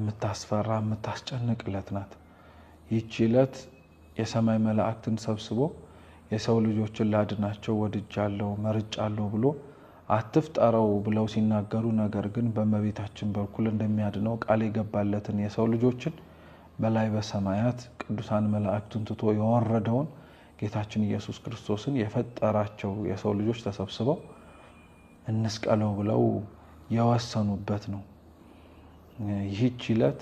የምታስፈራ የምታስጨንቅ እለት ናት። ይቺ እለት የሰማይ መላእክትን ሰብስቦ የሰው ልጆችን ላድናቸው ወድጃለሁ፣ መርጫለሁ ብሎ አትፍጠረው ብለው ሲናገሩ፣ ነገር ግን በእመቤታችን በኩል እንደሚያድነው ቃል የገባለትን የሰው ልጆችን በላይ በሰማያት ቅዱሳን መላእክቱን ትቶ የወረደውን ጌታችን ኢየሱስ ክርስቶስን የፈጠራቸው የሰው ልጆች ተሰብስበው እንስቀለው ብለው የወሰኑበት ነው። ይህች ዕለት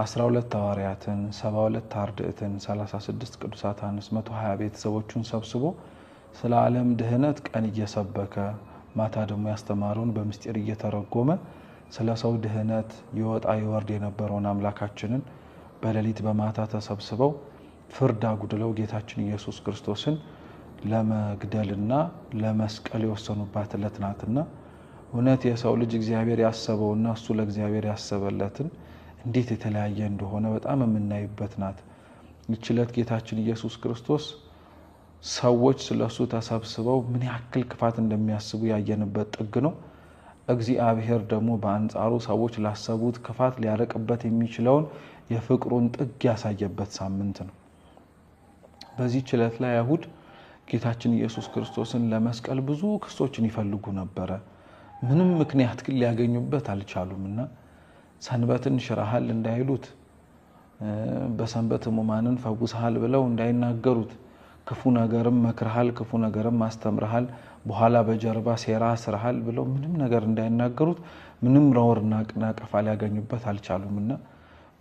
12 ሐዋርያትን፣ 72 አርድእትን፣ 36 ቅዱሳትን፣ 120 ቤተሰቦቹን ሰብስቦ ስለ ዓለም ድህነት ቀን እየሰበከ ማታ ደግሞ ያስተማረውን በምስጢር እየተረጎመ ስለ ሰው ድህነት ይወጣ ይወርድ የነበረውን አምላካችንን በሌሊት በማታ ተሰብስበው ፍርድ አጉድለው ጌታችን ኢየሱስ ክርስቶስን ለመግደልና ለመስቀል የወሰኑባት ዕለት ናትና እውነት የሰው ልጅ እግዚአብሔር ያሰበውና እሱ ለእግዚአብሔር ያሰበለትን እንዴት የተለያየ እንደሆነ በጣም የምናይበት ናት። ይህች ጌታችን ኢየሱስ ክርስቶስ ሰዎች ስለ እሱ ተሰብስበው ምን ያክል ክፋት እንደሚያስቡ ያየንበት ጥግ ነው። እግዚአብሔር ደግሞ በአንጻሩ ሰዎች ላሰቡት ክፋት ሊያርቅበት የሚችለውን የፍቅሩን ጥግ ያሳየበት ሳምንት ነው። በዚህ ችለት ላይ አይሁድ ጌታችን ኢየሱስ ክርስቶስን ለመስቀል ብዙ ክሶችን ይፈልጉ ነበረ። ምንም ምክንያት ግን ሊያገኙበት አልቻሉም እና ሰንበትን ሽረሃል እንዳይሉት በሰንበት ሕሙማንን ፈውሰሃል ብለው እንዳይናገሩት ክፉ ነገርም መክርሃል፣ ክፉ ነገርም አስተምርሃል፣ በኋላ በጀርባ ሴራ ስርሃል ብለው ምንም ነገር እንዳይናገሩት ምንም ነውርና ነቀፋ ሊያገኙበት አልቻሉምና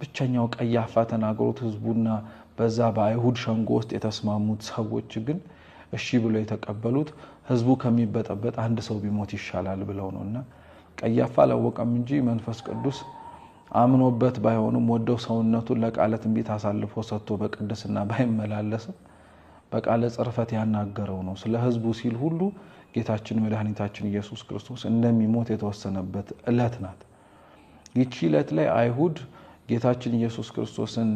ብቸኛው ቀያፋ ተናገሮት ህዝቡና በዛ በአይሁድ ሸንጎ ውስጥ የተስማሙት ሰዎች ግን እሺ ብለው የተቀበሉት ህዝቡ ከሚበጠበጥ አንድ ሰው ቢሞት ይሻላል ብለው ነው እና ቀያፋ አላወቀም እንጂ መንፈስ ቅዱስ አምኖበት ባይሆንም ወደው ሰውነቱን ለቃለ ትንቢት አሳልፎ ሰጥቶ በቅድስና ባይመላለስም በቃለ ጽርፈት ያናገረው ነው። ስለ ህዝቡ ሲል ሁሉ ጌታችን መድኃኒታችን ኢየሱስ ክርስቶስ እንደሚሞት የተወሰነበት እለት ናት። ይቺ እለት ላይ አይሁድ ጌታችን ኢየሱስ ክርስቶስን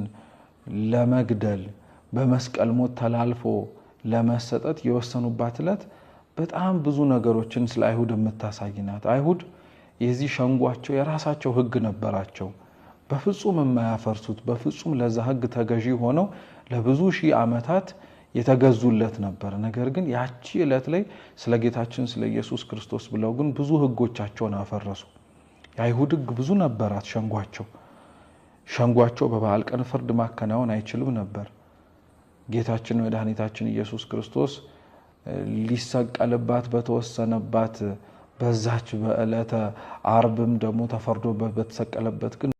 ለመግደል በመስቀል ሞት ተላልፎ ለመሰጠት የወሰኑባት ዕለት በጣም ብዙ ነገሮችን ስለ አይሁድ የምታሳይ ናት። አይሁድ የዚህ ሸንጓቸው የራሳቸው ህግ ነበራቸው። በፍጹም የማያፈርሱት በፍጹም ለዛ ህግ ተገዢ ሆነው ለብዙ ሺህ ዓመታት የተገዙለት ነበር። ነገር ግን ያቺ ዕለት ላይ ስለ ጌታችን ስለ ኢየሱስ ክርስቶስ ብለው ግን ብዙ ህጎቻቸውን አፈረሱ። የአይሁድ ህግ ብዙ ነበራት ሸንጓቸው ሸንጓቸው በበዓል ቀን ፍርድ ማከናወን አይችልም ነበር። ጌታችን መድኃኒታችን ኢየሱስ ክርስቶስ ሊሰቀልባት በተወሰነባት በዛች በዕለተ አርብም ደግሞ ተፈርዶበት በተሰቀለበት ግን